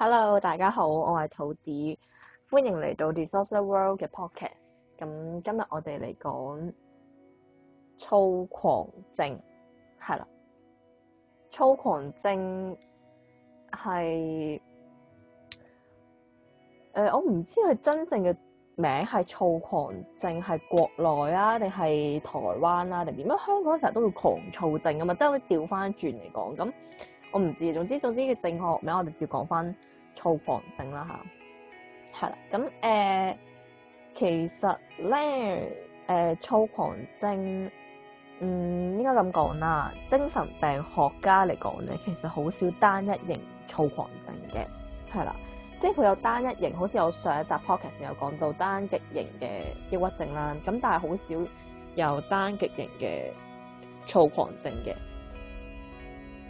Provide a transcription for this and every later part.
Hello，大家好，我係兔子，歡迎嚟到 d e s o u r c e World 嘅 podcast 咁、嗯、今日我哋嚟講躁狂症，係啦，躁狂症係誒、呃，我唔知佢真正嘅名係躁狂症，係國內啊，定係台灣啊，定點？因為香港成日都會狂躁症啊嘛，即係會調翻轉嚟講咁。嗯我唔知，總之總之嘅正確名我哋照講翻躁狂症啦，吓。係啦，咁誒、呃、其實咧誒、呃、躁狂症，嗯，應該咁講啦，精神病學家嚟講咧，其實好少單一型躁狂症嘅。係啦，即係佢有單一型，好似我上一集 Podcast 有講到單極型嘅抑鬱症啦，咁但係好少有單極型嘅躁狂症嘅。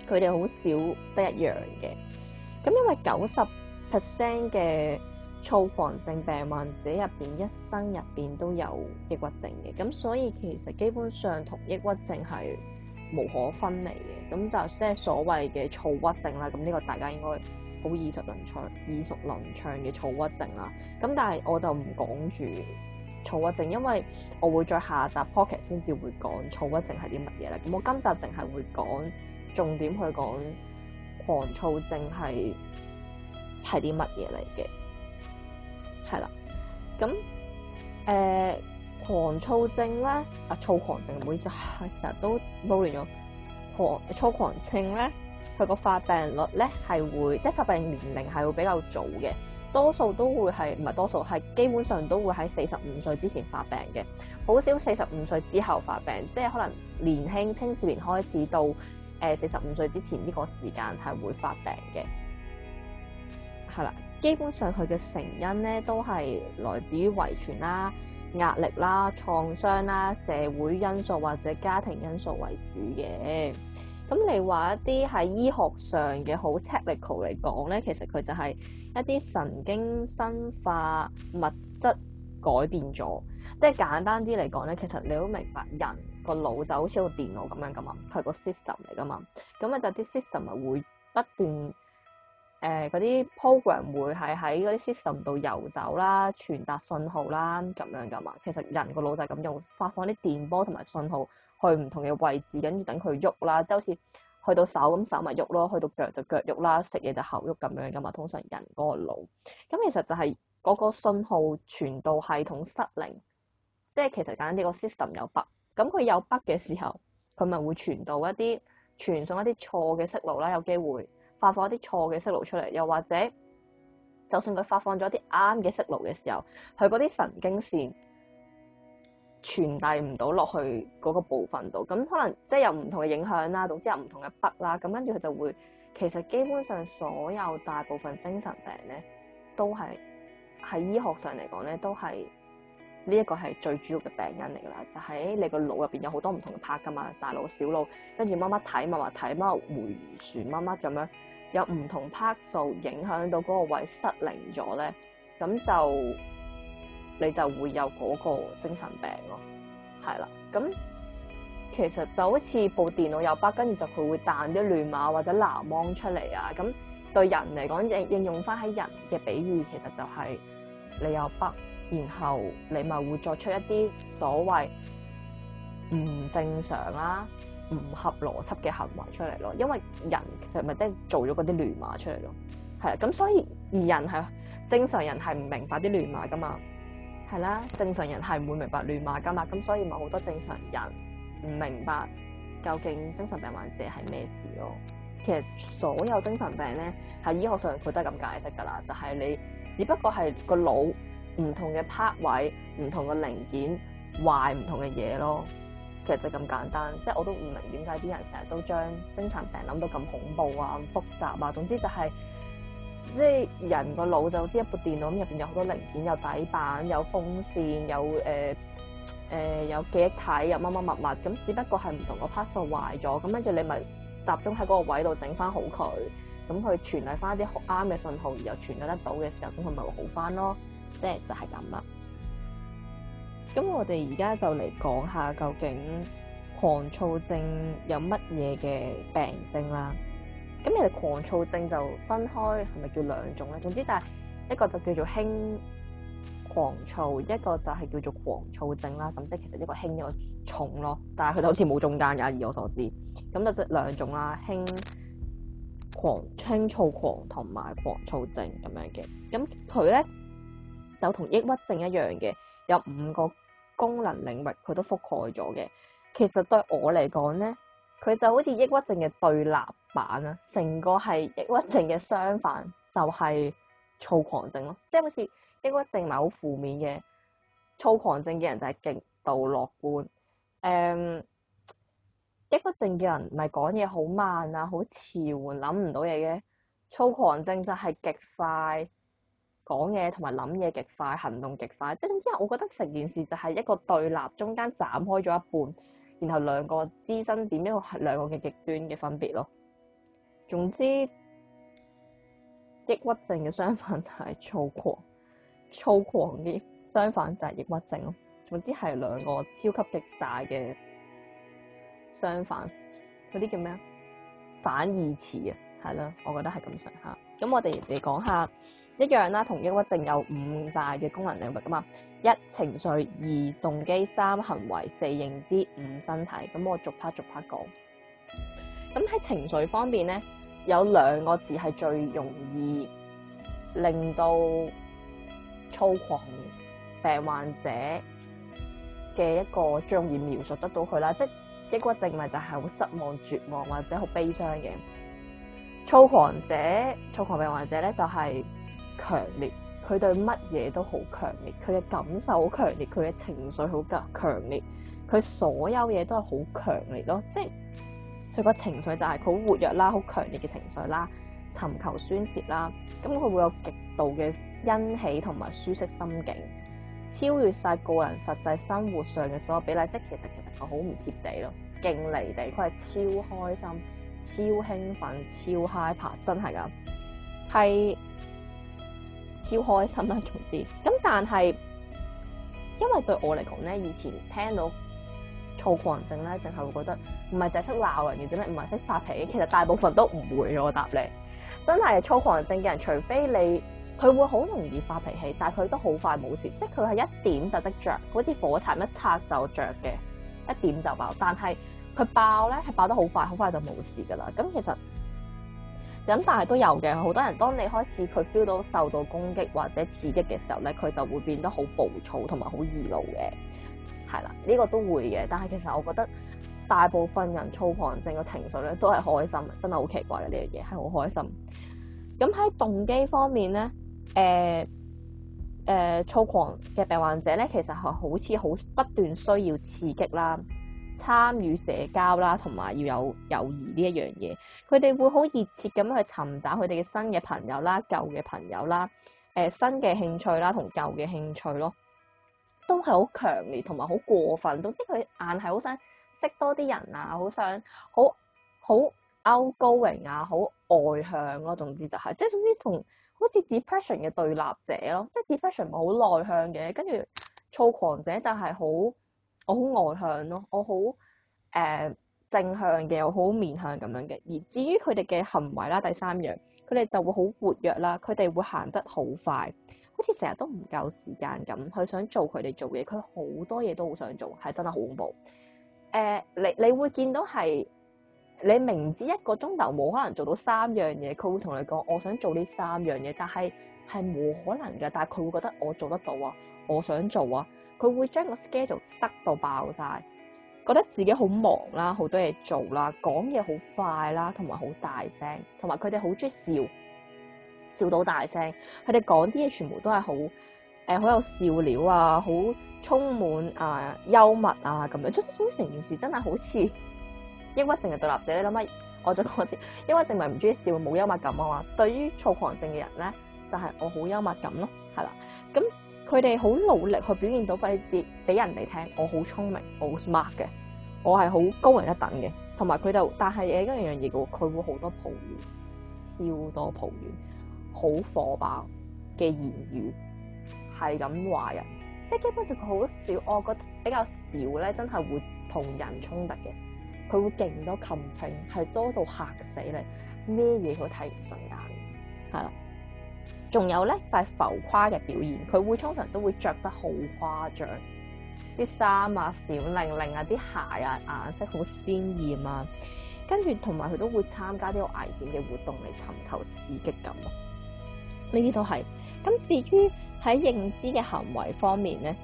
佢哋好少得一樣嘅，咁因為九十 percent 嘅躁狂症病患者入邊，一生入邊都有抑鬱症嘅，咁所以其實基本上同抑鬱症係無可分離嘅，咁就即係所謂嘅躁鬱症啦。咁呢個大家應該好耳熟能詳、耳熟能詳嘅躁鬱症啦。咁但係我就唔講住躁鬱症，因為我會再下集 podcast 先至會講躁鬱症係啲乜嘢啦。咁我今集淨係會講。重點去講狂躁症係係啲乜嘢嚟嘅，係啦，咁誒、呃、狂躁症咧啊躁狂症，唔好意思，成日都撈亂咗狂躁狂症咧。佢個發病率咧係會即係發病年齡係會比較早嘅，多數都會係唔係多數係基本上都會喺四十五歲之前發病嘅，好少四十五歲之後發病，即係可能年輕青少年開始到。誒四十五歲之前呢個時間係會發病嘅，係啦，基本上佢嘅成因咧都係來自於遺傳啦、壓力啦、創傷啦、社會因素或者家庭因素為主嘅。咁你話一啲喺醫學上嘅好 technical 嚟講咧，其實佢就係一啲神經生化物質改變咗，即係簡單啲嚟講咧，其實你都明白人。個腦就好似個電腦咁樣噶嘛，佢個 system 嚟噶嘛。咁啊，就啲 system 咪會不斷誒嗰啲 program 會係喺嗰啲 system 度遊走啦、傳達信號啦咁樣噶嘛。其實人個腦就係咁用，發放啲電波同埋信號去唔同嘅位置，跟住等佢喐啦。即係好似去到手咁，手咪喐咯，去到腳就腳喐啦，食嘢就口喐咁樣噶嘛。通常人嗰個腦咁，其實就係嗰個信號傳導系統失靈，即係其實簡單啲，個 system 有 bug。咁佢有筆嘅時候，佢咪會傳導一啲傳送一啲錯嘅訊號啦，有機會發放一啲錯嘅訊號出嚟。又或者，就算佢發放咗一啲啱嘅訊號嘅時候，佢嗰啲神經線傳遞唔到落去嗰個部分度，咁可能即係、就是、有唔同嘅影響啦，總之有唔同嘅筆啦。咁跟住佢就會，其實基本上所有大部分精神病咧，都係喺醫學上嚟講咧，都係。呢一個係最主要嘅病因嚟㗎啦，就喺你個腦入邊有好多唔同嘅 part 㗎嘛，大腦、小腦，跟住乜乜睇、乜乜睇、乜乜回旋、乜乜咁樣，有唔同 part 數影響到嗰個位失靈咗咧，咁就你就會有嗰個精神病咯，係啦，咁其實就好似部電腦有 bug，跟住就佢會彈啲亂碼或者藍芒出嚟啊，咁對人嚟講，應應用翻喺人嘅比喻，其實就係你有 bug。然後你咪會作出一啲所謂唔正常啦，唔合邏輯嘅行為出嚟咯。因為人其實咪即係做咗嗰啲亂碼出嚟咯。係啊，咁所以人係正常人係唔明白啲亂碼噶嘛，係啦，正常人係唔會明白亂碼噶嘛，咁所以咪好多正常人唔明白究竟精神病患者係咩事咯。其實所有精神病咧，喺醫學上佢都係咁解釋噶啦，就係你，只不過係個腦。唔同嘅 part 位，唔同嘅零件壞唔同嘅嘢咯，其實就咁簡單，即係我都唔明點解啲人成日都將精神病諗到咁恐怖啊、咁複雜啊，總之就係、是、即係人個腦就好似一部電腦咁，入邊有好多零件，有底板、有風扇、有誒誒、呃呃呃、有記憶體、有乜乜物物，咁只不過係唔同個 part 壞咗，咁跟住你咪集中喺嗰個位度整翻好佢，咁佢傳遞翻啲啱嘅信號而又傳遞得到嘅時候，咁佢咪會好翻咯。即係就係咁啦，咁我哋而家就嚟講下究竟狂躁症有乜嘢嘅病徵啦。咁其實狂躁症就分開係咪叫兩種咧？總之就係一個就叫做輕狂躁，一個就係叫做狂躁症啦。咁即係其實一個輕一個重咯，但係佢哋好似冇中間噶，以我所知。咁就即係兩種啦，輕狂輕躁狂同埋狂躁症咁樣嘅。咁佢咧。就同抑鬱症一樣嘅，有五個功能領域佢都覆蓋咗嘅。其實對我嚟講咧，佢就好似抑鬱症嘅對立版啦，成個係抑鬱症嘅相反，就係、是、躁狂症咯。即係好似抑鬱症咪好負面嘅，躁狂症嘅人就係極度樂觀。誒、嗯，抑鬱症嘅人唔係講嘢好慢啊，好遲緩，諗唔到嘢嘅，躁狂症就係極快。講嘢同埋諗嘢極快，行動極快，即係總之，我覺得成件事就係一個對立中間斬開咗一半，然後兩個支撐點一個係兩個嘅極端嘅分別咯。總之，抑鬱症嘅相反就係躁狂，躁狂啲相反就係抑鬱症咯。總之係兩個超級極大嘅相反，嗰啲叫咩反義詞啊？係咯，我覺得係咁上下。咁我哋嚟講下。一樣啦，同抑鬱症有五大嘅功能領域噶嘛，一情緒，二動機，三行為，四認知，五身體。咁我逐 part 逐 part 講。咁喺情緒方面咧，有兩個字係最容易令到躁狂病患者嘅一個最易描述得到佢啦，即係抑鬱症咪就係好失望、絕望或者好悲傷嘅。躁狂者、躁狂病患者咧就係、是。強烈，佢對乜嘢都好強烈，佢嘅感受好強烈，佢嘅情緒好強烈，佢所有嘢都係好強烈咯，即係佢個情緒就係好活躍啦，好強烈嘅情緒啦，尋求宣泄啦，咁佢會有極度嘅欣喜同埋舒適心境，超越晒個人實際生活上嘅所有比例，即係其實其實佢好唔貼地咯，勁離地，佢係超開心、超興奮、超 hyper，真係噶，係。超開心啦，總之，咁但係，因為對我嚟講咧，以前聽到躁狂症咧，淨係會覺得唔係淨係識鬧人，而且咧唔係識發脾氣，其實大部分都唔會。我答你，真係躁狂症嘅人，除非你，佢會好容易發脾氣，但係佢都好快冇事，即係佢係一點就即着，好似火柴一擦就着嘅，一點就爆。但係佢爆咧係爆得好快，好快就冇事噶啦。咁其實。咁但係都有嘅，好多人當你開始佢 feel 到受到攻擊或者刺激嘅時候咧，佢就會變得好暴躁同埋好易怒嘅，係啦，呢、這個都會嘅。但係其實我覺得大部分人躁狂症嘅情緒咧都係開心，真係好奇怪嘅呢樣嘢，係好開心。咁喺動機方面咧，誒、呃、誒，躁、呃、狂嘅病患者咧，其實係好似好不斷需要刺激啦。參與社交啦，同埋要有友誼呢一樣嘢，佢哋會好熱切咁去尋找佢哋嘅新嘅朋友啦、舊嘅朋友啦、誒、呃、新嘅興趣啦同舊嘅興趣咯，都係好強烈同埋好過分。總之佢硬係好想識多啲人啊，好想好好 outgoing 啊，好外向咯。總之就係即係總之同好似 depression 嘅對立者咯，即係 depression 唔係好內向嘅，跟住躁狂者就係好。我好外向咯，我好誒、呃、正向嘅，我好面向咁樣嘅。而至於佢哋嘅行為啦，第三樣，佢哋就會好活躍啦，佢哋會行得好快，好似成日都唔夠時間咁，佢想做佢哋做嘢。佢好多嘢都好想做，係真係好恐怖。誒、呃，你你會見到係你明知一個鐘頭冇可能做到三樣嘢，佢會同你講我想做呢三樣嘢，但係係冇可能嘅。但係佢會覺得我做得到啊，我想做啊。佢會將個 schedule 塞到爆晒，覺得自己好忙啦，好多嘢做啦，講嘢好快啦，同埋好大聲，同埋佢哋好中意笑，笑到大聲。佢哋講啲嘢全部都係好，誒、呃、好有笑料啊，好充滿啊、呃、幽默啊咁樣。即係成件事真係好似抑鬱症嘅獨立者。你諗下，我再講一次，抑鬱症咪唔中意笑，冇幽默感啊嘛。對於躁狂症嘅人咧，就係、是、我好幽默感咯，係啦，咁。佢哋好努力去表現到不二節俾人哋聽，我好聰明，好 smart 嘅，我係好高人一等嘅。同埋佢就，但係有一樣嘢喎，佢會好多抱怨，超多抱怨，好火爆嘅言語，係咁話人，即係基本上佢好少，我覺得比較少咧，真係會同人衝突嘅。佢會勁多氹拼，係多到嚇死你，咩嘢佢睇唔順眼？係啦。仲有咧，就係浮誇嘅表現，佢會通常都會着得好誇張，啲衫啊、閃令令啊、啲鞋啊，顏色好鮮豔啊，跟住同埋佢都會參加啲危險嘅活動嚟尋求刺激感咯。呢啲都係。咁至於喺認知嘅行為方面咧，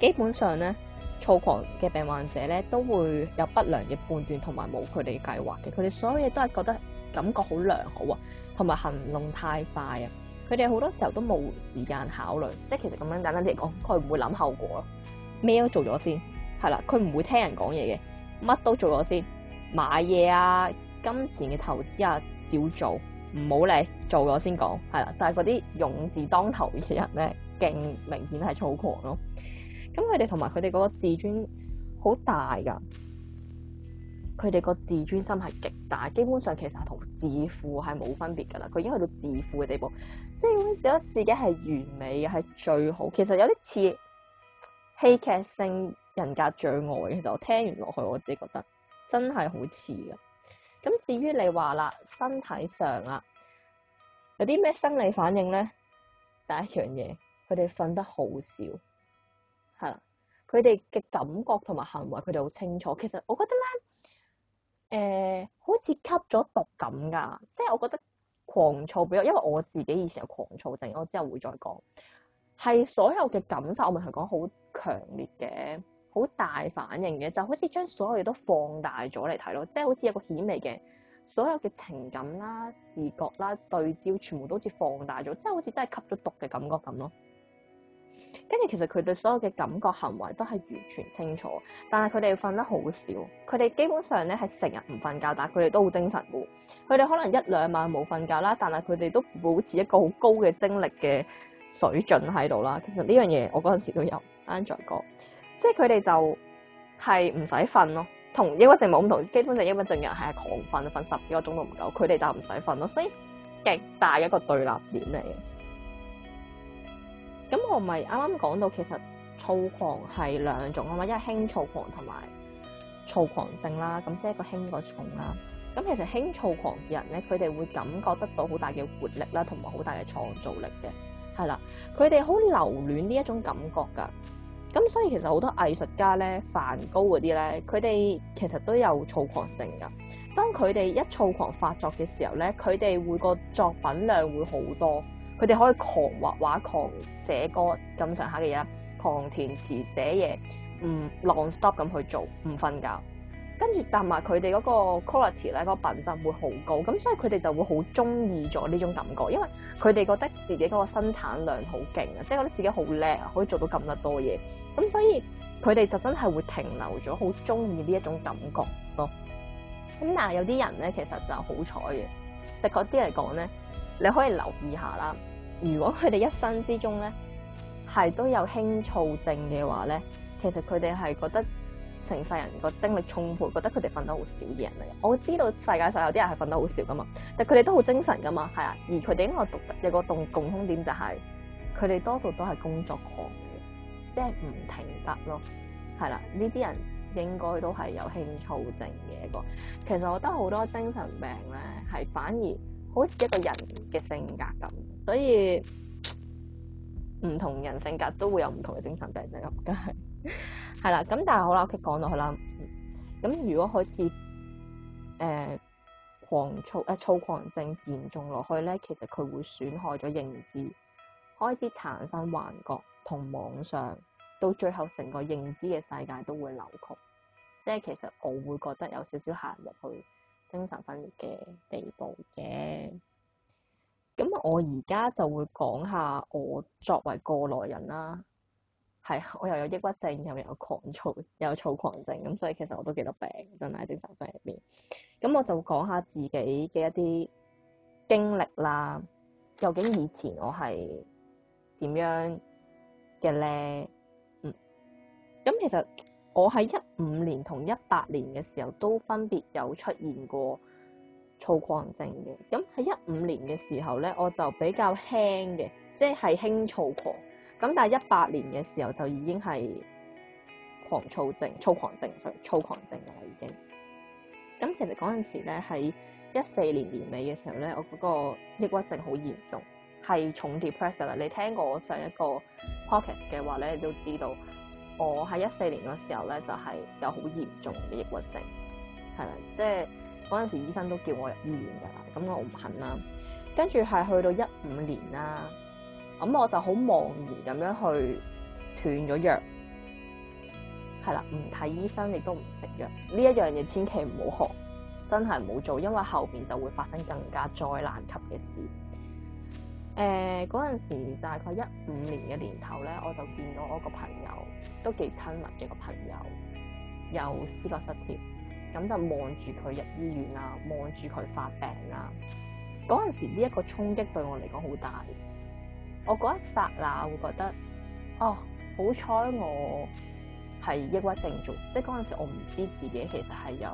基本上咧躁狂嘅病患者咧都會有不良嘅判斷同埋冇佢哋計劃嘅，佢哋所有嘢都係覺得。感覺好良好，啊，同埋行動太快啊！佢哋好多時候都冇時間考慮，即係其實咁樣簡單嚟講，佢唔會諗後果咯，咩都做咗先，係啦，佢唔會聽人講嘢嘅，乜都做咗先，買嘢啊、金錢嘅投資啊，照做，唔好理，做咗先講，係啦，就係嗰啲勇字當頭嘅人咧，勁明顯係躁狂咯。咁佢哋同埋佢哋嗰個自尊好大噶。佢哋個自尊心係極大，基本上其實係同自負係冇分別㗎啦。佢已經去到自負嘅地步，即係覺得自己係完美，係最好。其實有啲似戲劇性人格障礙。其實我聽完落去，我自己覺得真係好似啊。咁至於你話啦，身體上呀有啲咩生理反應咧？第一樣嘢，佢哋瞓得好少係啦。佢哋嘅感覺同埋行為，佢哋好清楚。其實我覺得咧。誒、呃，好似吸咗毒咁噶，即係我覺得狂躁比較，因為我自己以前有狂躁症，我之後會再講，係所有嘅感受，我咪係講好強烈嘅，好大反應嘅，就是，好似將所有嘢都放大咗嚟睇咯，即係好似一個顯微嘅，所有嘅情感啦、視覺啦、對焦，全部都好似放大咗，即係好似真係吸咗毒嘅感覺咁咯。跟住其實佢哋所有嘅感覺行為都係完全清楚，但係佢哋瞓得好少。佢哋基本上咧係成日唔瞓覺，但係佢哋都好精神嘅。佢哋可能一兩晚冇瞓覺啦，但係佢哋都保持一個好高嘅精力嘅水準喺度啦。其實呢樣嘢我嗰陣時都有 Android 哥，即係佢哋就係唔使瞓咯。同抑鬱症冇咁同，基本上抑鬱症人係狂瞓，瞓十幾個鐘都唔夠。佢哋就唔使瞓咯，所以極大一個對立點嚟嘅。咁我咪啱啱講到，其實躁狂係兩種啊嘛，一係輕躁狂同埋躁狂症啦，咁即係一個輕個重啦。咁其實輕躁狂嘅人咧，佢哋會感覺得到好大嘅活力啦，同埋好大嘅創造力嘅。係啦，佢哋好留戀呢一種感覺噶。咁所以其實好多藝術家咧，梵高嗰啲咧，佢哋其實都有躁狂症噶。當佢哋一躁狂發作嘅時候咧，佢哋會個作品量會好多。佢哋可以狂畫畫、狂寫歌咁上下嘅嘢，狂填詞寫嘢，唔浪 stop 咁去做，唔瞓覺，跟住搭埋佢哋嗰個 quality 咧，嗰品質會好高，咁所以佢哋就會好中意咗呢種感覺，因為佢哋覺得自己嗰個生產量好勁啊，即係覺得自己好叻，可以做到咁得多嘢，咁所以佢哋就真係會停留咗，好中意呢一種感覺咯。咁但係有啲人咧，其實就好彩嘅，即係嗰啲嚟講咧，你可以留意下啦。如果佢哋一生之中咧，係都有輕躁症嘅話咧，其實佢哋係覺得成世人個精力充沛，覺得佢哋瞓得好少嘅人嚟。我知道世界上有啲人係瞓得好少噶嘛，但係佢哋都好精神噶嘛，係啊。而佢哋呢個獨有個共共通點就係、是，佢哋多數都係工作狂嘅，即係唔停得咯。係啦，呢啲人應該都係有輕躁症嘅一個。其實我覺得好多精神病咧，係反而好似一個人嘅性格咁。所以唔同人性格都會有唔同嘅精神病症，梗係係啦。咁 但係好啦，我繼續講落去啦。咁、嗯、如果開始誒、呃、狂躁誒躁狂症嚴重落去咧，其實佢會損害咗認知，開始產生幻覺同妄想，到最後成個認知嘅世界都會扭曲。即係其實我會覺得有少少行入去精神分裂嘅地步嘅。咁我而家就會講下我作為過來人啦，係我又有抑鬱症，又咪有狂躁，又有躁狂症，咁、嗯、所以其實我都幾得病，真係精神病入面。咁我就講下自己嘅一啲經歷啦，究竟以前我係點樣嘅咧？嗯，咁其實我喺一五年同一八年嘅時候都分別有出現過。躁狂症嘅，咁喺一五年嘅時候咧，我就比較輕嘅，即係輕躁狂。咁但係一八年嘅時候就已經係狂躁症、躁狂症、躁狂症嘅啦，已經。咁其實嗰陣時咧，喺一四年年尾嘅時候咧，我嗰個抑鬱症好嚴重，係重 depressed 啦。你聽過我上一個 podcast 嘅話咧，你都知道我喺一四年嘅時候咧，就係、是、有好嚴重嘅抑鬱症，係啦，即係。嗰陣時醫生都叫我入醫院噶，咁我唔肯啦。跟住係去到一五年啦，咁我就好茫然咁樣去斷咗藥，係啦，唔睇醫生亦都唔食藥。呢一樣嘢千祈唔好學，真係唔好做，因為後邊就會發生更加災難級嘅事。誒、呃，嗰陣時大概一五年嘅年頭咧，我就見到我個朋友，都幾親密嘅個朋友，有思覺失調。咁就望住佢入醫院啦、啊，望住佢發病啦、啊。嗰陣時呢一個衝擊對我嚟講好大。我嗰一剎那會覺得，哦，好彩我係抑鬱症做，即係嗰陣時我唔知自己其實係有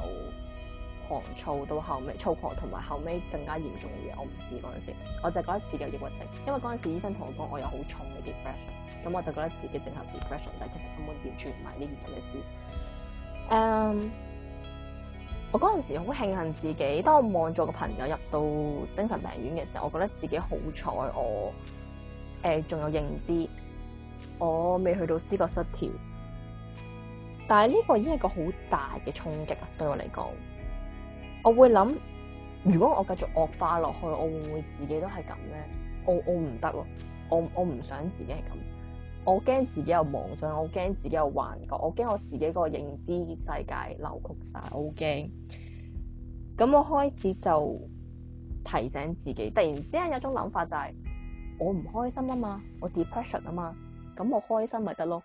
狂躁到後尾躁狂，同埋後尾更加嚴重嘅嘢，我唔知嗰陣時。我就覺得自己有抑鬱症，因為嗰陣時醫生同我講我有好重嘅 depression，咁我就覺得自己正係 depression，但其實根本完全唔係呢件嘅事。誒、um。我嗰陣時好慶幸自己。當我望咗個朋友入到精神病院嘅時候，我覺得自己好彩，我誒仲、呃、有認知，我未去到思覺失調。但係呢個已經係個好大嘅衝擊啊！對我嚟講，我會諗，如果我繼續惡化落去，我會唔會自己都係咁咧？我我唔得咯，我我唔想自己係咁。我驚自己有妄想，我驚自己有幻覺，我驚我自己個認知世界扭曲晒，我好驚。咁我開始就提醒自己，突然之間有種諗法就係、是、我唔開心啊嘛，我 depression 啊嘛，咁我開心咪得咯。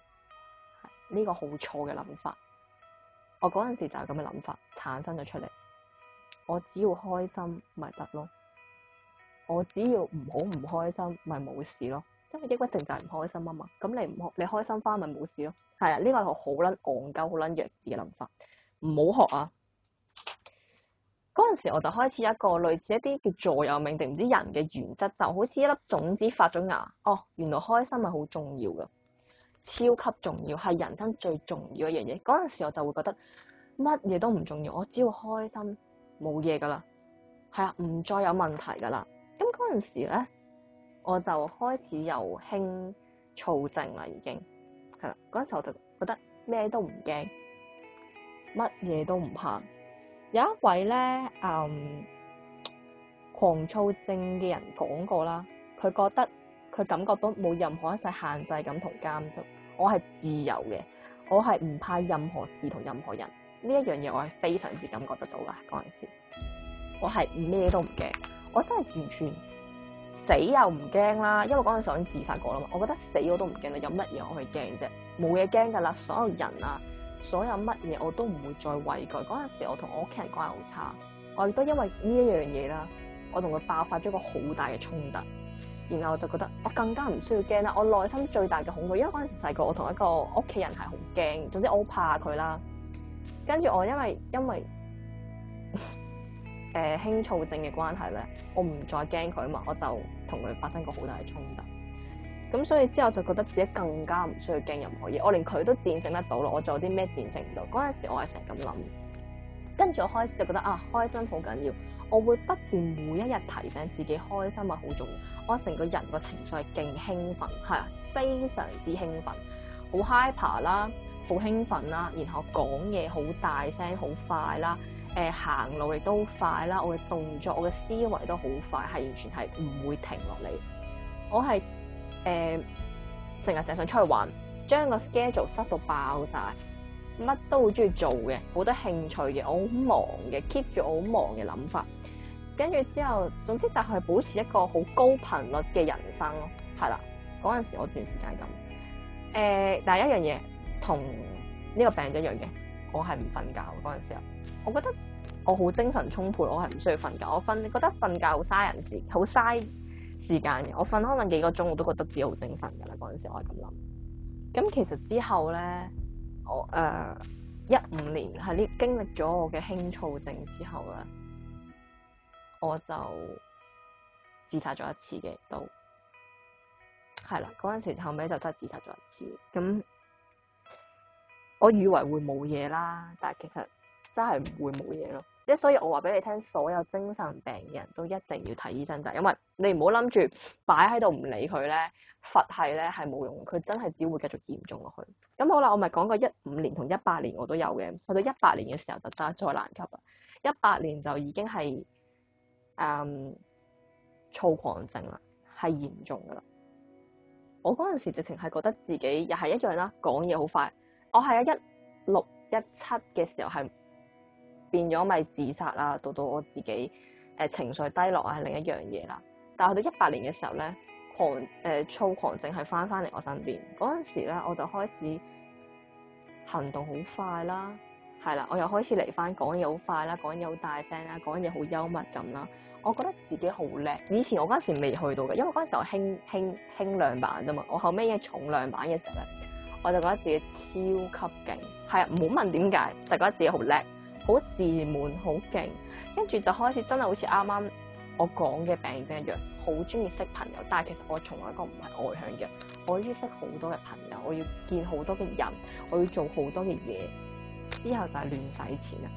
呢、這個好錯嘅諗法，我嗰陣時就係咁嘅諗法產生咗出嚟。我只要開心咪得咯，我只要唔好唔開心咪冇事咯。因為抑鬱症就係唔開心啊嘛，咁你唔開，你開心翻咪冇事咯。係啊，呢個係好撚戇鳩、好撚弱智嘅諗法，唔好學啊！嗰陣時我就開始一個類似一啲叫座右銘定唔知人嘅原則，就好似一粒種子發咗芽。哦，原來開心係好重要嘅，超級重要，係人生最重要一樣嘢。嗰陣時我就會覺得乜嘢都唔重要，我只要開心冇嘢噶啦，係啊，唔再有問題噶啦。咁嗰陣時咧。我就開始有輕躁症啦，已經係啦。嗰、嗯、陣時我就覺得咩都唔驚，乜嘢都唔怕。有一位咧，嗯，狂躁症嘅人講過啦，佢覺得佢感覺到冇任何一隻限制感同監督，我係自由嘅，我係唔怕任何事同任何人。呢一樣嘢我係非常之感覺得到啦。嗰陣時，我係咩都唔驚，我真係完全。死又唔驚啦，因為嗰陣時我已經自殺過啦嘛。我覺得死我都唔驚啦，有乜嘢我係驚啫？冇嘢驚噶啦，所有人啊，所有乜嘢我都唔會再畏懼。嗰陣時我同我屋企人關係好差，我亦都因為呢一樣嘢啦，我同佢爆發咗一個好大嘅衝突。然後我就覺得我更加唔需要驚啦。我內心最大嘅恐懼，因為嗰陣時細個我同一個屋企人係好驚，總之我好怕佢啦。跟住我因為因為。誒、嗯、輕躁症嘅關係咧，我唔再驚佢嘛，我就同佢發生過好大嘅衝突，咁所以之後就覺得自己更加唔需要驚任何嘢，我連佢都戰勝得到咯，我仲有啲咩戰勝唔到？嗰陣時我係成日咁諗，跟住我開始就覺得啊，開心好緊要，我會不斷每一日提醒自己開心係好重要，我成個人個情緒係勁興奮，係啊，非常之興奮，好 hyper 啦，好興奮啦，然後講嘢好大聲、好快啦。誒、呃，行路亦都快啦，我嘅動作，我嘅思維都好快，係完全係唔會停落嚟。我係誒成日淨想出去玩，將個 schedule 塞到爆晒，乜都好中意做嘅，好多興趣嘅，我好忙嘅，keep 住我好忙嘅諗法。跟住之後，總之就係保持一個好高頻率嘅人生咯。係啦，嗰陣時我段時間係咁。誒、呃，第一樣嘢同呢個病一樣嘅，我係唔瞓覺嗰陣時候。我覺得我好精神充沛，我係唔需要瞓覺，我瞓覺得瞓覺好嘥人事，好嘥時間嘅。我瞓可能幾個鐘，我都覺得自己好精神噶啦。嗰陣時我係咁諗。咁其實之後咧，我誒一五年喺呢經歷咗我嘅輕躁症之後咧，我就自殺咗一次嘅，都係啦。嗰陣時後尾就得自殺咗一次。咁我以為會冇嘢啦，但係其實。真係唔會冇嘢咯，即係所以我話俾你聽，所有精神病人都一定要睇醫生就，因為你唔好諗住擺喺度唔理佢咧，佛係咧係冇用，佢真係只會繼續嚴重落去。咁好啦，我咪講過一五年同一八年我都有嘅，去到一八年嘅時候就真係再難及啦，一八年就已經係誒、嗯、躁狂症啦，係嚴重噶啦。我嗰陣時直情係覺得自己又係一樣啦，講嘢好快，我係喺一六一七嘅時候係。變咗咪自殺啊！到到我自己誒、呃、情緒低落啊，係另一樣嘢啦。但係到一八年嘅時候咧，狂誒躁、呃、狂症係翻翻嚟我身邊嗰陣時咧，我就開始行動好快啦，係啦，我又開始嚟翻講嘢好快啦，講嘢好大聲啦，講嘢好幽默咁啦。我覺得自己好叻。以前我嗰陣時未去到嘅，因為嗰陣時候輕輕、輕量版啫嘛。我後尾嘅重量版嘅時候咧，我就覺得自己超級勁。係啊，唔好問點解，就覺得自己好叻。好自滿，好勁，跟住就開始真係好似啱啱我講嘅病症一樣，好中意識朋友，但係其實我從來一個唔係外向嘅，我要識好多嘅朋友，我要見好多嘅人，我要做好多嘅嘢，之後就係亂使錢啊，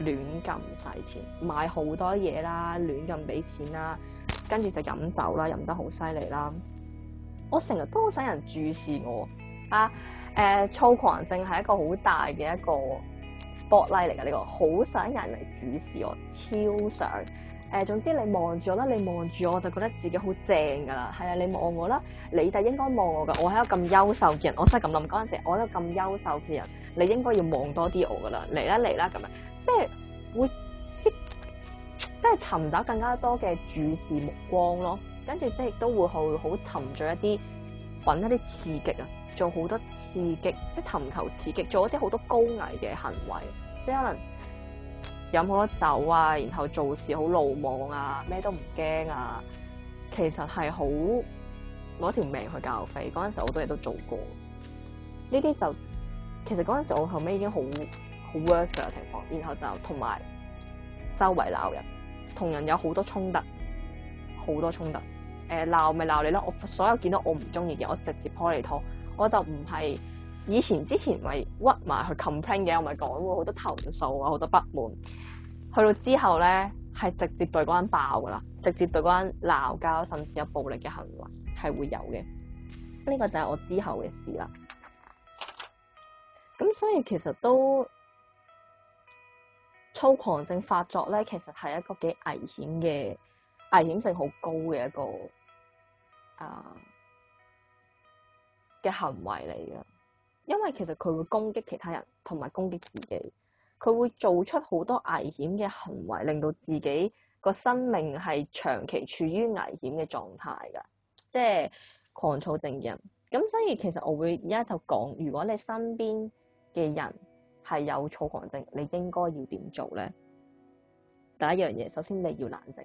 亂咁使錢，買好多嘢啦，亂咁俾錢啦，跟住就飲酒啦，飲得好犀利啦，我成日都好想人注視我啊，誒、呃，躁狂症係一個好大嘅一個。Spotlight 嚟噶呢個，好想有人嚟注視我，超想。誒、呃，總之你望住我咧，你望住我就覺得自己好正噶啦。係啊，你望我啦，你就應該望我噶。我係一個咁優秀嘅人，我真係咁諗嗰陣時，我係一個咁優秀嘅人，你應該要望多啲我噶啦。嚟啦嚟啦咁樣，即係會識，即係尋找更加多嘅注視目光咯。跟住即係亦都會好好沉着一啲，搵一啲刺激啊！做好多刺激，即係尋求刺激，做一啲好多高危嘅行為，即係可能飲好多酒啊，然後做事好魯莽啊，咩都唔驚啊，其實係好攞條命去交費。嗰陣時好多嘢都做過，呢啲就其實嗰陣時我後尾已經好好 worst 嘅情況，然後就同埋周圍鬧人，同人有好多衝突，好多衝突，誒鬧咪鬧你咯，我所有見到我唔中意嘅，我直接拖你拖。我就唔係，以前之前咪屈埋去 complain 嘅，我咪講過好多投訴啊，好多不滿。去到之後咧，係直接對嗰人爆噶啦，直接對嗰人鬧交，甚至有暴力嘅行為係會有嘅。呢 個就係我之後嘅事啦。咁所以其實都粗狂症發作咧，其實係一個幾危險嘅，危險性好高嘅一個啊。呃嘅行為嚟嘅，因為其實佢會攻擊其他人，同埋攻擊自己，佢會做出好多危險嘅行為，令到自己個生命係長期處於危險嘅狀態噶。即係狂躁症嘅人，咁所以其實我會而家就講，如果你身邊嘅人係有躁狂症，你應該要點做咧？第一樣嘢，首先你要冷靜。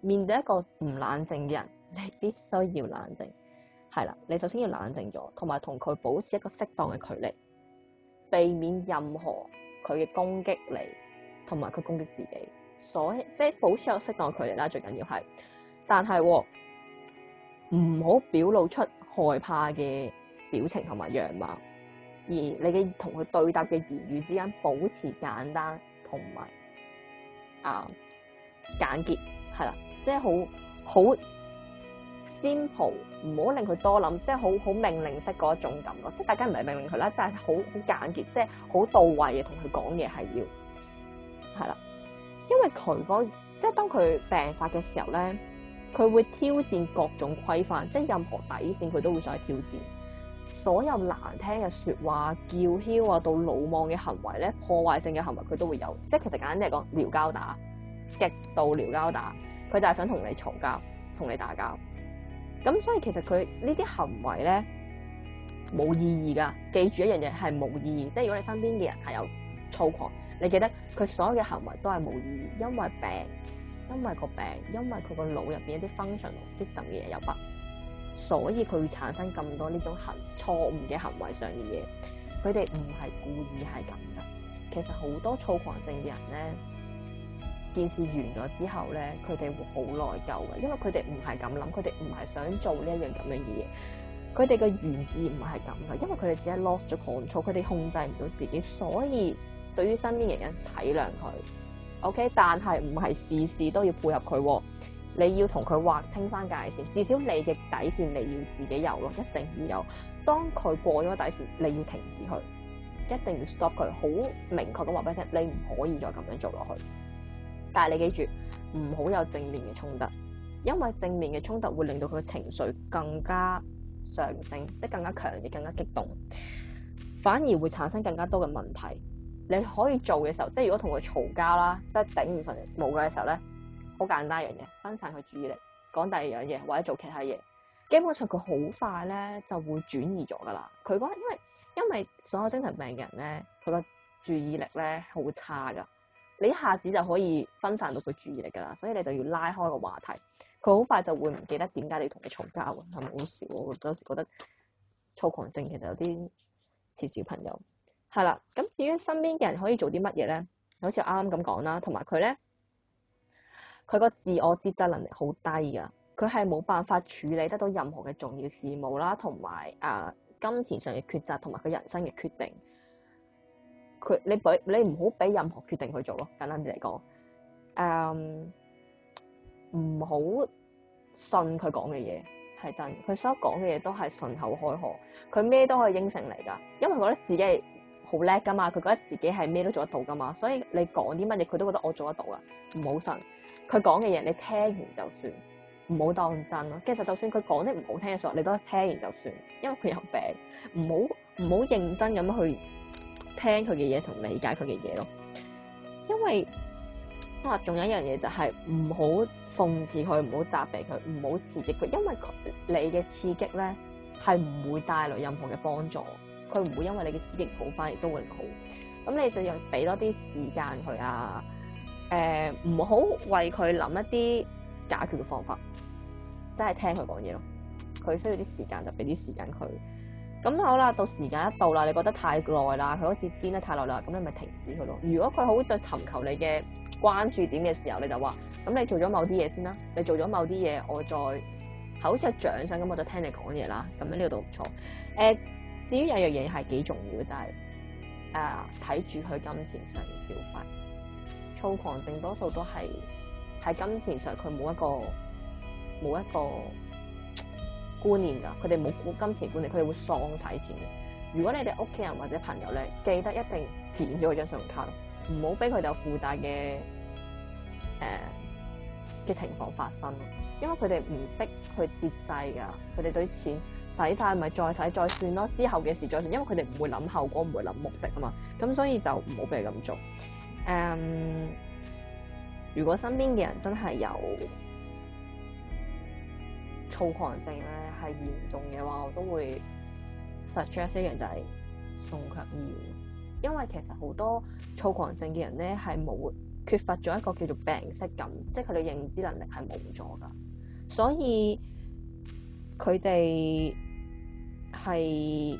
面對一個唔冷靜嘅人，你必須要冷靜。係啦，你首先要冷靜咗，同埋同佢保持一個適當嘅距離，避免任何佢嘅攻擊你，同埋佢攻擊自己。所以即係保持有適當嘅距離啦，最緊要係，但係唔好表露出害怕嘅表情同埋樣貌，而你嘅同佢對答嘅言語之間保持簡單同埋啊簡潔，係啦，即係好好。s i 唔好令佢多諗，即係好好命令式嗰一種感覺，即係大家唔係命令佢啦，就係好好簡潔，即係好到位嘅同佢講嘢係要，係啦，因為佢嗰、那個、即係當佢病發嘅時候咧，佢會挑戰各種規範，即係任何底線佢都會想去挑戰，所有難聽嘅說話、叫囂啊，到魯莽嘅行為咧，破壞性嘅行為佢都會有，即係其實簡單嚟講，撩交打，極度撩交打，佢就係想同你嘈交，同你打交。咁所以其實佢呢啲行為咧冇意義㗎，記住一樣嘢係冇意義。即係如果你身邊嘅人係有躁狂，你記得佢所有嘅行為都係冇意義，因為病，因為個病，因為佢個腦入邊一啲 function 同 system 嘅嘢有不，所以佢會產生咁多呢種行錯誤嘅行為上嘅嘢，佢哋唔係故意係咁㗎。其實好多躁狂症嘅人咧。件事完咗之後咧，佢哋會好內疚嘅，因為佢哋唔係咁諗，佢哋唔係想做呢一樣咁樣嘅嘢。佢哋嘅原意唔係咁嘅，因為佢哋只係 lost 咗狂躁，佢哋控制唔到自己，所以對於身邊嘅人體諒佢。OK，但係唔係事事都要配合佢，你要同佢劃清翻界線，至少你嘅底線你要自己有咯，一定要有。當佢過咗底線，你要停止佢，一定要 stop 佢，好明確咁話俾你聽，你唔可以再咁樣做落去。但係你記住，唔好有正面嘅衝突，因為正面嘅衝突會令到佢個情緒更加上升，即係更加強烈、更加激動，反而會產生更加多嘅問題。你可以做嘅時候，即係如果同佢嘈交啦，即係頂唔順冇計嘅時候咧，好簡單一樣嘢，分散佢注意力，講第二樣嘢或者做其他嘢，基本上佢好快咧就會轉移咗噶啦。佢覺得因為因為所有精神病嘅人咧，佢個注意力咧好差噶。你一下子就可以分散到佢注意力噶啦，所以你就要拉開個話題，佢好快就會唔記得點解你同佢嘈交喎，係咪好少？我有時覺得躁狂症其實有啲似小朋友，係啦。咁至於身邊嘅人可以做啲乜嘢咧？好似啱啱咁講啦，同埋佢咧，佢個自我節制能力好低噶，佢係冇辦法處理得到任何嘅重要事務啦，同埋啊金錢上嘅抉擇同埋佢人生嘅決定。佢你俾你唔好俾任何決定去做咯，簡單啲嚟講，誒唔好信佢講嘅嘢係真，佢所講嘅嘢都係順口開河，佢咩都可以應承嚟噶，因為佢覺得自己係好叻噶嘛，佢覺得自己係咩都做得到噶嘛，所以你講啲乜嘢佢都覺得我做得到啊，唔好信佢講嘅嘢，你聽完就算，唔好當真咯。其實就算佢講啲唔好聽嘅嘢，你都係聽完就算，因為佢有病，唔好唔好認真咁去聽佢嘅嘢同理解佢嘅嘢咯，因為啊，仲有一樣嘢就係唔好諷刺佢，唔好責備佢，唔好刺激佢，因為佢你嘅刺激咧係唔會帶來任何嘅幫助，佢唔會因為你嘅刺激好返，亦都會好。咁你就要俾多啲時間佢啊，誒、呃，唔好為佢諗一啲解決嘅方法，真係聽佢講嘢咯。佢需要啲時間，就俾啲時間佢。咁好啦，到時間一到啦，你覺得太耐啦，佢好似癲得太耐啦，咁你咪停止佢咯。如果佢好再尋求你嘅關注點嘅時候，你就話：咁你做咗某啲嘢先啦，你做咗某啲嘢，我再好似個獎賞咁，我就聽你講嘢啦。咁樣呢個都唔錯。誒、呃，至於有樣嘢係幾重要，就係誒睇住佢金錢上面消費，躁狂症多數都係喺金錢上佢冇一個冇一個觀念噶，佢哋冇金錢觀念，佢哋會喪使錢嘅。如果你哋屋企人或者朋友咧，記得一定剪咗佢張信用卡，唔好俾佢哋有負債嘅誒嘅情況發生，因為佢哋唔識去節制噶，佢哋對錢使晒咪再使再算咯，之後嘅事再算，因為佢哋唔會諗後果，唔會諗目的啊嘛，咁所以就唔好俾佢咁做。誒、呃，如果身邊嘅人真係有。躁狂症呢係嚴重嘅話，我都會 suggest 一樣就係送強醫，因為其實好多躁狂症嘅人呢係冇缺乏咗一個叫做病識感，即係佢哋認知能力係冇咗㗎，所以佢哋係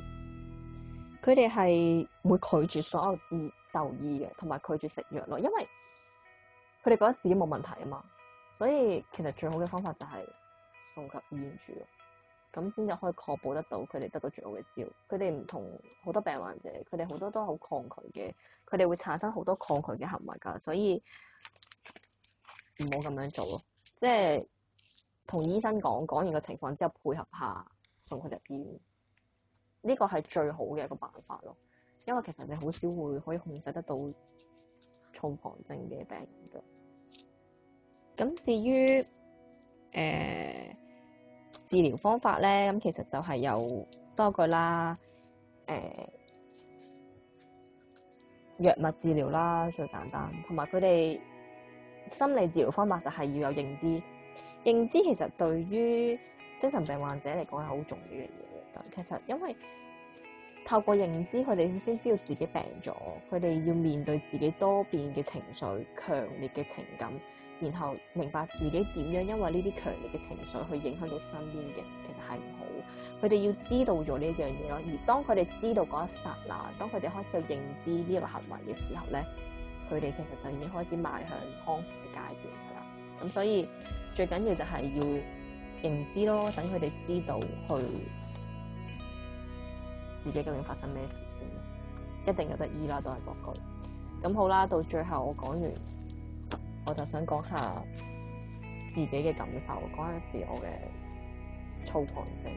佢哋係會拒絕所有醫就醫嘅，同埋拒絕食藥囉，因為佢哋覺得自己冇問題吖嘛，所以其實最好嘅方法就係、是。及醫護，咁先至可以確保得到佢哋得到最好嘅治療。佢哋唔同好多病患者，佢哋好多都好抗拒嘅，佢哋會產生好多抗拒嘅行為噶，所以唔好咁樣做咯。即係同醫生講講完個情況之後，配合下送佢入醫院，呢個係最好嘅一個辦法咯。因為其實你好少會可以控制得到躁狂症嘅病人嘅。咁至於誒？欸治療方法咧，咁其實就係有多個啦，誒、呃，藥物治療啦最簡單，同埋佢哋心理治療方法就係要有認知，認知其實對於精神病患者嚟講係好重要嘅嘢。其實因為透過認知，佢哋先知道自己病咗，佢哋要面對自己多變嘅情緒、強烈嘅情感。然後明白自己點樣，因為呢啲強烈嘅情緒去影響到身邊嘅，其實係唔好。佢哋要知道咗呢一樣嘢咯，而當佢哋知道嗰一剎那，當佢哋開始去認知呢個行為嘅時候咧，佢哋其實就已經開始邁向康復嘅階段噶啦。咁所以最緊要就係要認知咯，等佢哋知道去自己究竟發生咩事先，一定有得醫啦，都係國語。咁好啦，到最後我講完。我就想講下自己嘅感受。嗰陣時我嘅躁狂症，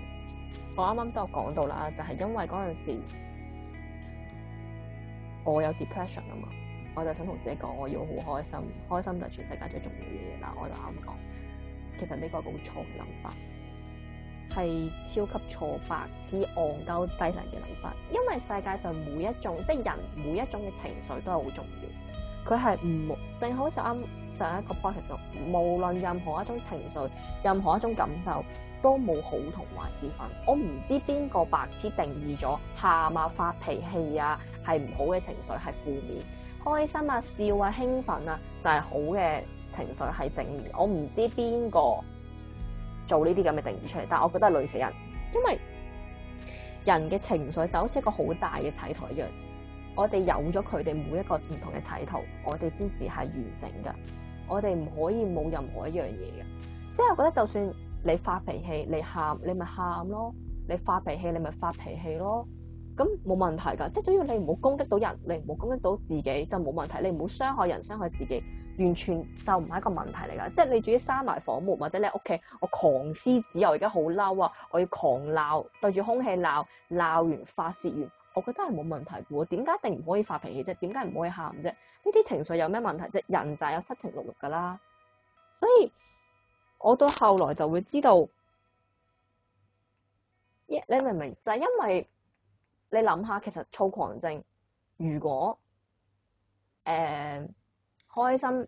我啱啱都有講到啦，就係、是、因為嗰陣時我有 depression 啊嘛，我就想同自己講，我要好開心，開心就係全世界最重要嘅嘢啦。我就啱講，其實呢個好錯嘅諗法，係超級錯法，之戇鳩低能嘅諗法。因為世界上每一種即係人每一種嘅情緒都係好重要，佢係唔正好就啱。上一個 project 就無論任何一種情緒，任何一種感受都冇好同壞之分。我唔知邊個白痴定義咗喊啊、發脾氣啊係唔好嘅情緒，係負面，開心啊、笑啊、興奮啊就係、是、好嘅情緒，係正面。我唔知邊個做呢啲咁嘅定義出嚟，但我覺得累死人，因為人嘅情緒就好似一個好大嘅砌圖一樣。我哋有咗佢哋每一個唔同嘅砌圖，我哋先至係完整㗎。我哋唔可以冇任何一樣嘢嘅。即係我覺得就算你發脾氣，你喊你咪喊咯，你發脾氣你咪發脾氣咯，咁冇問題噶，即係主要你唔好攻擊到人，你唔好攻擊到自己就冇問題，你唔好傷害人傷害自己，完全就唔係一個問題嚟噶。即係你自己閂埋房門或者你屋企，我狂撕紙，我而家好嬲啊，我要狂鬧，對住空氣鬧，鬧完發洩完。我覺得係冇問題嘅，點解一定唔可以發脾氣啫？點解唔可以喊啫？呢啲情緒有咩問題啫？人就係有七情六欲噶啦，所以我到後來就會知道，yeah, 你明唔明？就係因為你諗下，其實躁狂症如果誒開心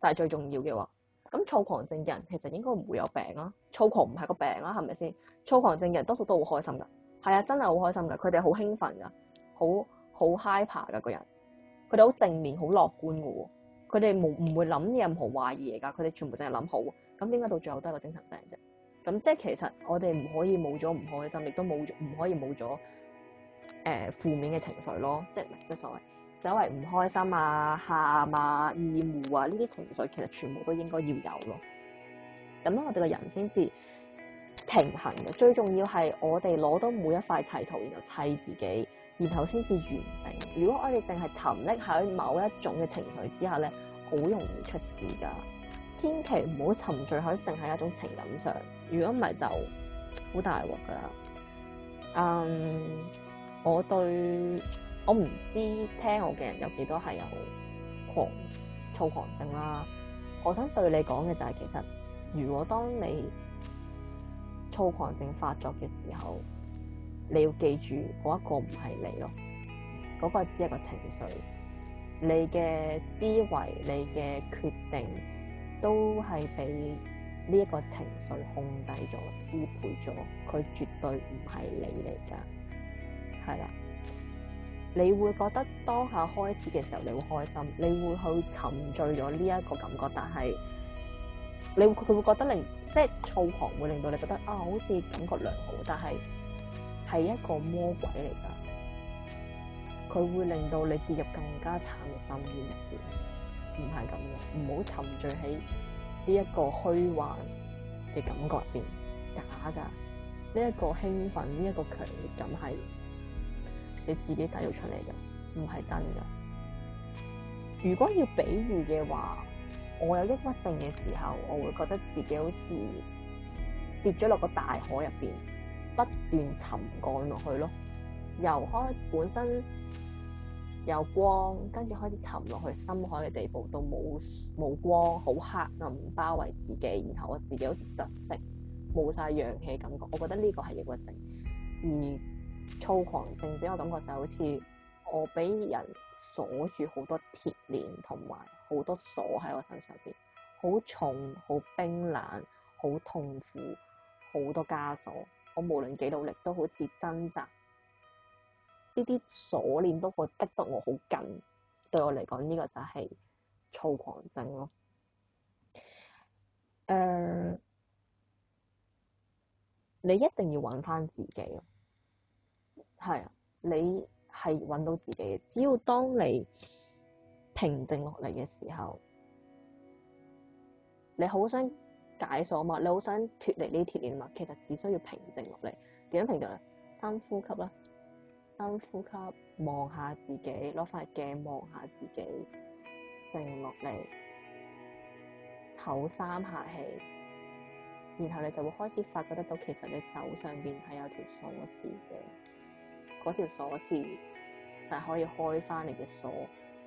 就係最重要嘅話，咁躁狂症人其實應該唔會有病啊，躁狂唔係個病啊，係咪先？躁狂症人多數都好開心噶。係啊，真係好開心噶佢哋好興奮噶好好 hyper 噶個人，佢哋好正面，好樂觀噶佢哋冇唔會諗任何壞嘢噶佢哋全部淨係諗好，咁點解到最後都係個精神病啫？咁即係其實我哋唔可以冇咗唔開心，亦都冇唔可以冇咗誒負面嘅情緒咯，即係即係所謂所謂唔開心啊、下啊、厭惡啊呢啲情緒，其實全部都應該要有咯，咁我哋個人先至。平衡嘅，最重要係我哋攞到每一塊砌圖，然後砌自己，然後先至完整。如果我哋淨係沉溺喺某一種嘅情緒之下咧，好容易出事噶。千祈唔好沉醉喺淨係一種情感上，如果唔係就好大鑊噶。嗯，我對，我唔知聽我嘅人有幾多係有狂躁狂症啦。我想對你講嘅就係，其實如果當你。躁狂症發作嘅時候，你要記住嗰一個唔係你咯，嗰個只係個情緒。你嘅思維、你嘅決定都係被呢一個情緒控制咗、支配咗，佢絕對唔係你嚟㗎。係啦，你會覺得當下開始嘅時候你會開心，你會去沉醉咗呢一個感覺，但係。你佢會覺得令即係躁狂，會令到你覺得啊，好似感覺良好，但係係一個魔鬼嚟噶，佢會令到你跌入更加慘嘅深淵入邊，唔係咁樣，唔好沉醉喺呢一個虛幻嘅感覺入邊，假噶，呢一個興奮，呢一個強烈感係你自己製造出嚟嘅，唔係真噶。如果要比喻嘅話。我有抑鬱症嘅時候，我會覺得自己好似跌咗落個大海入邊，不斷沉降落去咯。由開本身有光，跟住開始沉落去深海嘅地步都，到冇冇光，好黑暗包圍自己，然後我自己好似窒息，冇晒氧氣感覺。我覺得呢個係抑鬱症，而躁狂症俾我感覺就好似我俾人鎖住好多鐵鏈，同埋。好多鎖喺我身上邊，好重、好冰冷、好痛苦，好多枷鎖。我無論幾努力，都好似掙扎。呢啲鎖鏈都會逼得我好緊。對我嚟講，呢、這個就係躁狂症咯。誒、呃，你一定要揾翻自己。係啊，你係揾到自己嘅。只要當你平靜落嚟嘅時候，你好想解鎖嘛？你好想脫離呢啲鐵鏈嘛？其實只需要平靜落嚟。點樣平靜咧？深呼吸啦，深呼吸，望下自己，攞塊鏡望下自己，靜落嚟，唞三下氣，然後你就會開始發覺得到，其實你手上邊係有條鎖匙嘅，嗰條鎖匙就係可以開翻你嘅鎖。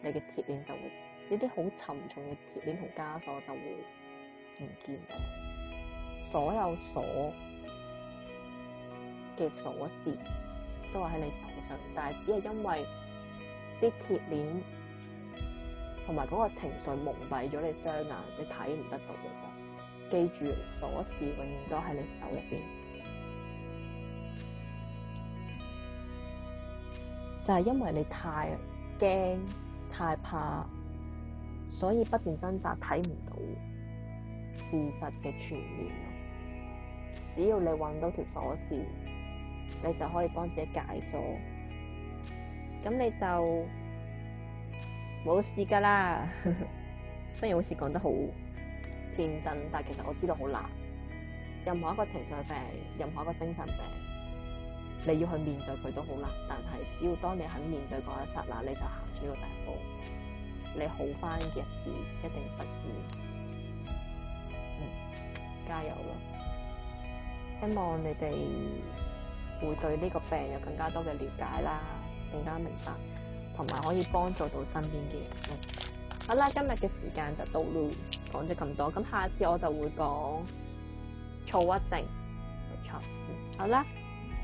你嘅鐵鏈就會，呢啲好沉重嘅鐵鏈同枷鎖就會唔見到，所有鎖嘅鎖匙都係喺你手上，但係只係因為啲鐵鏈同埋嗰個情緒蒙蔽咗你雙眼，你睇唔得到嘅啫。記住，鎖匙永遠都喺你手入邊，就係因為你太驚，太怕，所以不斷掙扎，睇唔到事實嘅全面。只要你揾到條鎖匙，你就可以幫自己解鎖。咁你就冇事噶啦。 雖然好似講得好天真，但其實我知道好難。任何一個情緒病，任何一個精神病。你要去面對佢都好難，但係只要當你肯面對嗰一剎那，你就行咗一個大步，你好翻嘅日子一定不易。嗯，加油咯！希望你哋會對呢個病有更加多嘅了解啦，更加明白，同埋可以幫助到身邊嘅人。嗯，好啦，今日嘅時間就到咯，講咗咁多，咁下次我就會講躁鬱症，冇錯。嗯，好啦。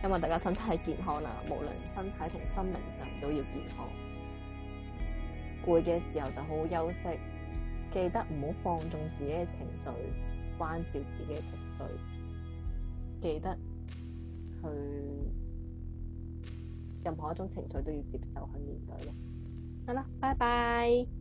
因為大家身體健康啦，無論身體同心靈上都要健康。攰嘅時候就好好休息，記得唔好放縱自己嘅情緒，關照自己嘅情緒，記得佢任何一種情緒都要接受去面對咯。好啦，拜拜。